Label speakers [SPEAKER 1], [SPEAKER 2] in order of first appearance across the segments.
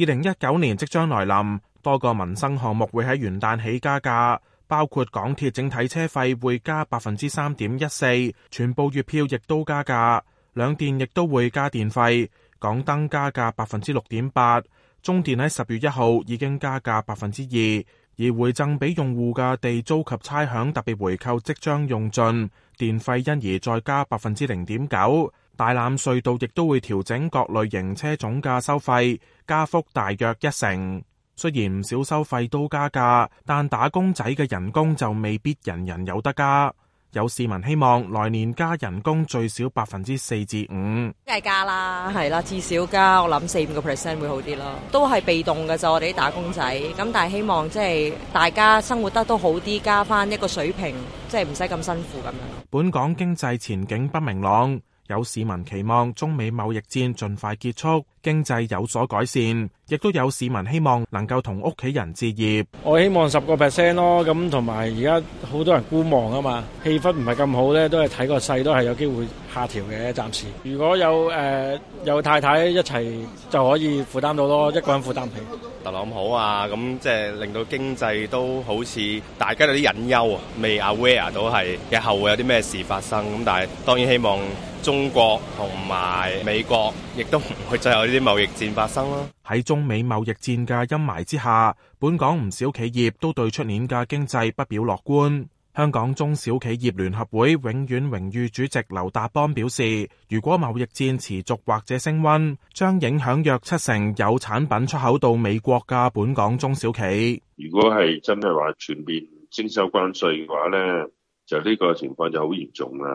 [SPEAKER 1] 二零一九年即將來臨，多個民生項目會喺元旦起加價，包括港鐵整體車費會加百分之三點一四，全部月票亦都加價，兩電亦都會加電費，港燈加價百分之六點八，中電喺十月一號已經加價百分之二，而回贈俾用戶嘅地租及差餉特別回扣即將用盡，電費因而再加百分之零點九。大欖隧道亦都會調整各類型車總價收費，加幅大約一成。雖然唔少收費都加價，但打工仔嘅人工就未必人人有得加。有市民希望來年加人工最少百分之四至五，
[SPEAKER 2] 都係加啦，係啦，至少加。我諗四五個 percent 會好啲咯，都係被動嘅。就我哋啲打工仔，咁但係希望即係大家生活得都好啲，加翻一個水平，即係唔使咁辛苦咁樣。
[SPEAKER 1] 本港經濟前景不明朗。有市民期望中美貿易戰盡快結束，經濟有所改善，亦都有市民希望能夠同屋企人置業。我希望十個 percent 咯，咁同埋而家好多人觀望啊嘛，氣氛唔係咁好咧，都係睇個勢，都係有機會。下調
[SPEAKER 3] 嘅暫時，如果有誒、呃、有太太一齊就可以負擔到咯，一個人負擔唔起。特朗普啊，咁即係令到經濟都好似大家有啲隱憂啊，未 aware 到係日後會有啲咩事發生。咁但係當然希望中國同埋美國亦都唔會再有呢啲貿易戰發生啦、啊。
[SPEAKER 1] 喺中美貿易戰嘅陰霾之下，本港唔少企業都對出年嘅經濟不表樂觀。香港中小企業聯合會永遠榮譽主席劉達邦表示，如果貿易戰持續或者升溫，將影響約七成有產品出口到美國嘅本港中小企。如果係真係話全面徵收關稅嘅話咧，就呢個情況就好嚴重啦。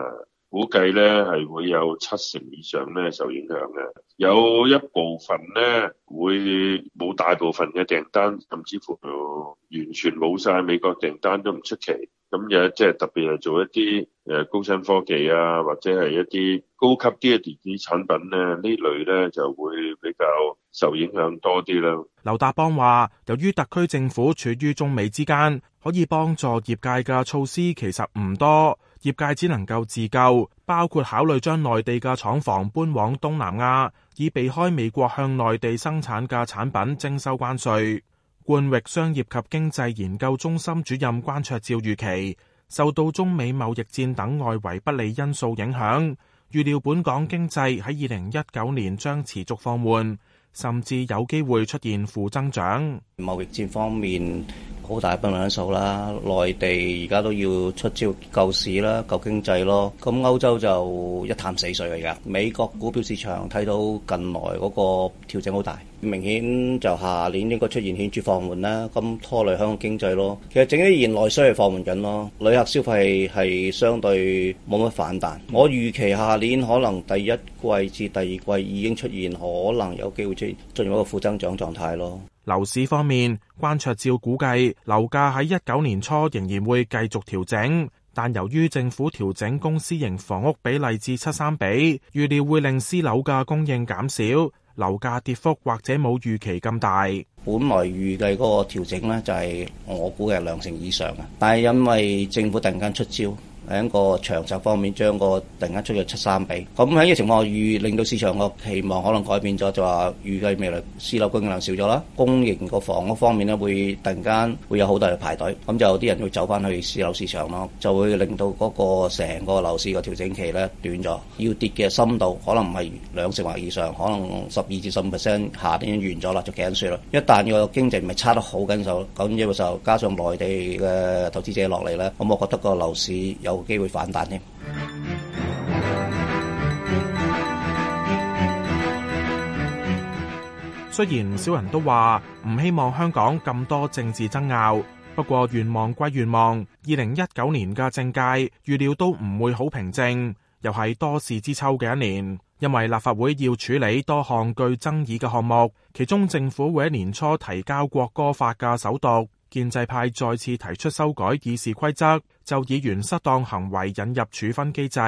[SPEAKER 1] 估計咧係會有七成以上咧受影響嘅，有一部分咧會冇大部分嘅訂單，甚至乎完全冇晒美國訂單都唔出奇。咁有即係特別係做一啲誒高新科技啊，或者係一啲高級啲嘅電子產品咧，呢類咧就會比較受影響多啲啦。劉達邦話：由於特區政府處於中美之間，可以幫助業界嘅措施其實唔多。業界只能夠自救，包括考慮將內地嘅廠房搬往東南亞，以避開美國向內地生產嘅產品徵收關稅。冠域商業及經濟研究中心主任關卓照預期，受到中美貿易戰等外圍不利因素影響，預料本港經濟喺二零一九年將持續放緩，甚至有機會出現負增長。
[SPEAKER 4] 貿易戰方面。好大分量因
[SPEAKER 1] 素啦，內地
[SPEAKER 4] 而家都要出招救市啦、救經濟咯。咁歐洲就一探死水啦，而家美國股票市場睇到近來嗰個調整好大，明顯就下年應該出現顯著放緩啦。咁拖累香港經濟咯。其實整體而言，內需係放緩緊咯，旅客消費係相對冇乜反彈。我預期下年可能第一季至第二季已經出現可能有機會出現進入一個負增長狀
[SPEAKER 1] 態咯。樓市方面，關卓照估計樓價喺一九年初仍然會繼續調整，但由於政府調整公私營房屋比例至七三比，預料會令私樓價供應減少，樓價跌幅或者冇預期咁大。本來預計嗰個調整呢，就係我估嘅兩成以上嘅，但係因
[SPEAKER 4] 為政府突然間出招。喺個長策方面，將個突然間出咗七三比，咁喺呢個情況下，預令到市場個期望可能改變咗，就話預計未來私樓供應量少咗啦，公營個房屋方面咧，會突然間會有好大嘅排隊，咁就有啲人會走翻去私樓市場咯，就會令到嗰個成個樓市個調整期咧短咗，要跌嘅深度可能唔係兩成或以上，可能十二至十五 percent 下年完咗啦，就企緊輸啦。一旦個經濟唔係差得好緊手，咁呢個時候加上內地嘅投資者落嚟咧，咁我覺得個樓市有個機會反彈添。
[SPEAKER 1] 雖然唔少人都話唔希望香港咁多政治爭拗，不過願望歸願望，二零一九年嘅政界預料都唔會好平靜，又係多事之秋嘅一年，因為立法會要處理多項具爭議嘅項目，其中政府會喺年初提交國歌法嘅首讀。建制派再次提出修改議事規則，就議員失當行為引入處分機制。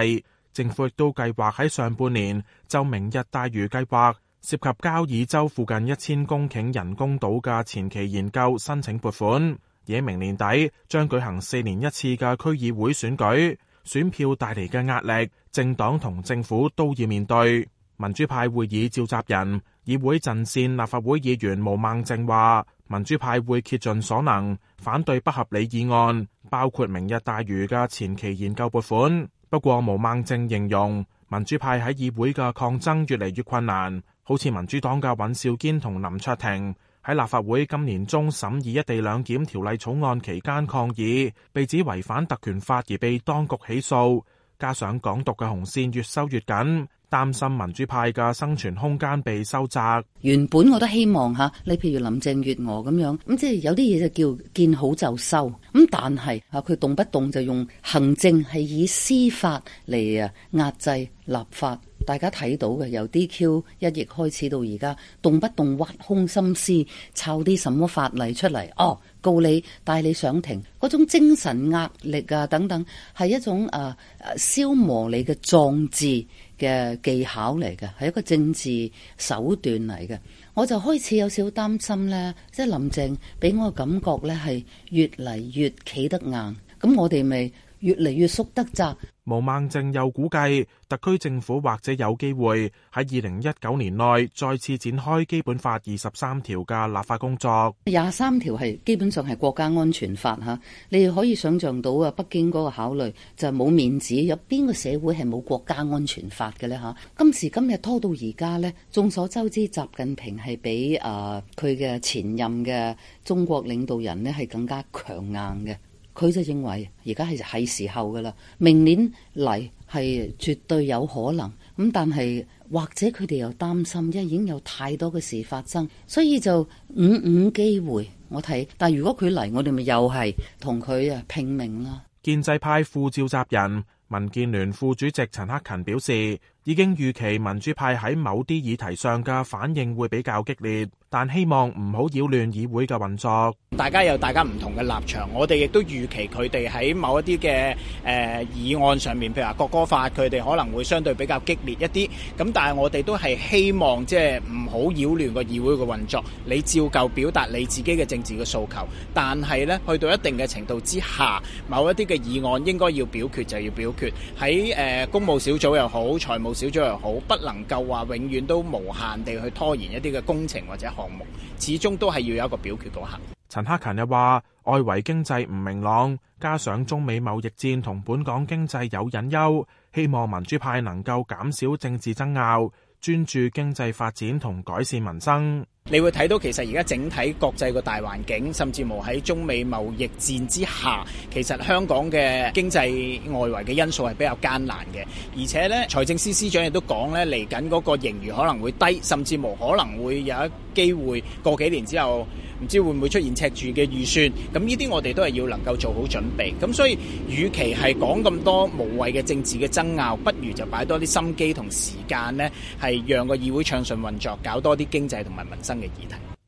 [SPEAKER 1] 政府亦都計劃喺上半年就明日大嶼計劃涉及交椅洲附近一千公頃人工島嘅前期研究申請撥款。而明年底將舉行四年一次嘅區議會選舉，選票帶嚟嘅壓力，政黨同政府都要面對。民主派會議召集人、議會陣線立法會議員毛孟靜話，民主派會竭盡所能反對不合理議案，包括明日大嶼嘅前期研究撥款。不過，毛孟靜形容民主派喺議會嘅抗爭越嚟越困難，好似民主黨嘅尹兆堅同林卓廷喺立法會今年中審議一地兩檢條例草案期間抗議，被指違反特權法而被當局起訴，加上港獨嘅紅線越收越緊。擔心民主派嘅生存空間被收窄。原本我都希望吓、
[SPEAKER 2] 啊，你譬如林鄭月娥咁樣咁、嗯，即係有啲嘢就叫見好就收咁、嗯。但係啊，佢動不動就用行政係以司法嚟啊壓制立法，大家睇到嘅，由 DQ 一役開始到而家，動不動挖空心思抄啲什麼法例出嚟哦，告你帶你上庭嗰種精神壓力啊等等，係一種誒、啊、誒消磨你嘅壯志。嘅技巧嚟嘅，係一個政治手段嚟嘅，我就開始有少擔心咧，即係林鄭俾我嘅感覺咧係越嚟越企得硬，咁我哋咪越嚟越縮得窄。
[SPEAKER 1] 毛孟靜又估計，特區政府或者有機會喺二零一九年內再次展開《基本法》二十三條嘅立法工作。
[SPEAKER 2] 廿三條係基本上係國家安全法吓，你哋可以想象到啊，北京嗰個考慮就冇面子，有邊個社會係冇國家安全法嘅咧吓？今時今日拖到而家咧，眾所周知，習近平係比誒佢嘅前任嘅中國領導人呢係更加強硬嘅。佢就認為而家係係時候㗎喇，明年嚟係絕對有可能。咁但係或者佢哋又擔心，因為已經有太多嘅事發生，所以就五五機會。我睇，但係如果佢嚟，我哋咪又係同佢啊拼命
[SPEAKER 1] 啦。建制派副召集人、民建聯副主席陳克勤表示。已經預期民主派喺某啲議題上嘅反應會比較激烈，但希望唔好擾亂議會嘅運作。
[SPEAKER 3] 大家有大家唔同嘅立場，我哋亦都預期佢哋喺某一啲嘅誒議案上面，譬如話國歌法，佢哋可能會相對比較激烈一啲。咁但係我哋都係希望即係唔好擾亂個議會嘅運作。你照舊表達你自己嘅政治嘅訴求，但係呢去到一定嘅程度之下，某一啲嘅議案應該要表決就要表決。喺誒公務小組又好，財務。少咗又好，不能夠話永遠都無限地去拖延一啲嘅工程或者項目，始終都係要有一個表決舉行。
[SPEAKER 1] 陳克勤又話，外圍經濟唔明朗，加上中美貿易戰同本港經濟有隱憂，希望民主派能夠減少政治爭拗，專注經濟發展同改善民生。
[SPEAKER 3] 你會睇到其實而家整體國際個大環境，甚至乎喺中美貿易戰之下，其實香港嘅經濟外圍嘅因素係比較艱難嘅。而且呢，財政司司長亦都講呢，嚟緊嗰個盈餘可能會低，甚至乎可能會有一機會過幾年之後，唔知會唔會出現赤字嘅預算。咁呢啲我哋都係要能夠做好準備。咁所以，與其係講咁多無謂嘅政治嘅爭拗，不如就擺多啲心機同時間呢，係讓個議會暢順運作，搞多啲經濟同埋民生。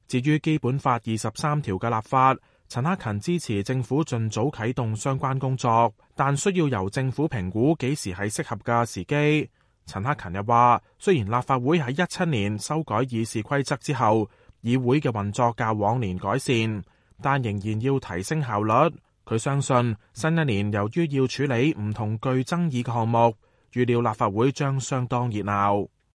[SPEAKER 1] 至於《基本法》二十三條嘅立法，陳克勤支持政府盡早啟動相關工作，但需要由政府評估幾時係適合嘅時機。陳克勤又話，雖然立法會喺一七年修改議事規則之後，議會嘅運作較往年改善，但仍然要提升效率。佢相信新一年由於要處理唔同具爭議嘅項目，預料立法會將相當熱鬧。